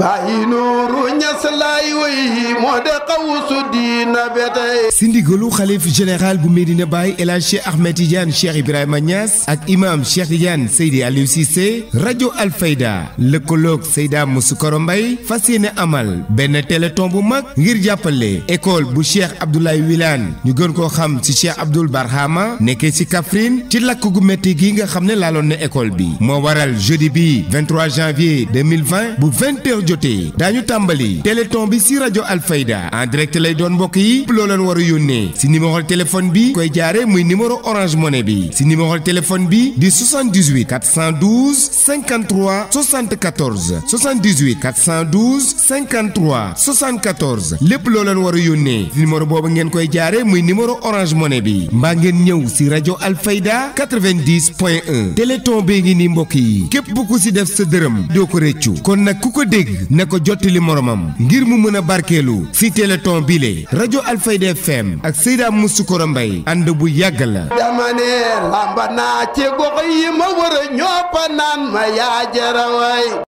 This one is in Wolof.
bàyyi nuuru ñas laay moo de xawusu diina ba tey si ndigalu xalif général bu Medina Baye El Hadj Cheikh Ahmed Tidiane Cheikh Ibrahima Niass ak imam Cheikh Tidiane Seydi Aliou Cissé rajo Alfayda lëkkaloog Seyda Moussoukoro Mbaye fas yéene amal benn téléthon bu mag ngir jàppale école bu Cheikh Abdoulaye Wilane ñu gën koo xam ci Cheikh Abdoul Barhama nekkee ci Kaffrine ci lakk gu métti gi nga xam ne laaloon na école bi moo waral jeudi bi 23 janvier bu 20 heures jotee daañu tàmbali téléthon bi si rajo Alfayda en direct lay doon mbokk yi loo leen war yónnee si numéro téléphone bi koy jaare muy numéro orange money bi si numéro téléphone bi di 78 412 53 74 78 412 53 74 lépp loo leen war a yónnee si numéro boobu ngeen koy jaare muy numéro orange money bi mbaa ngeen ñëw si rajo Alfayda 90 point 1 bee ngi nii mbokk yi képp ku si def sa dërëm doo ko réccu kon nag ku ko dégg ne ko jottali moromam ngir mu mën a barkeelu si téléthon bile rajo Alfayda FM ak Seyda Moussoukoro Mbaye ànd bu yàgg la. damane lamba naa ci gox yi ma wër ñoo pa ma yaa jara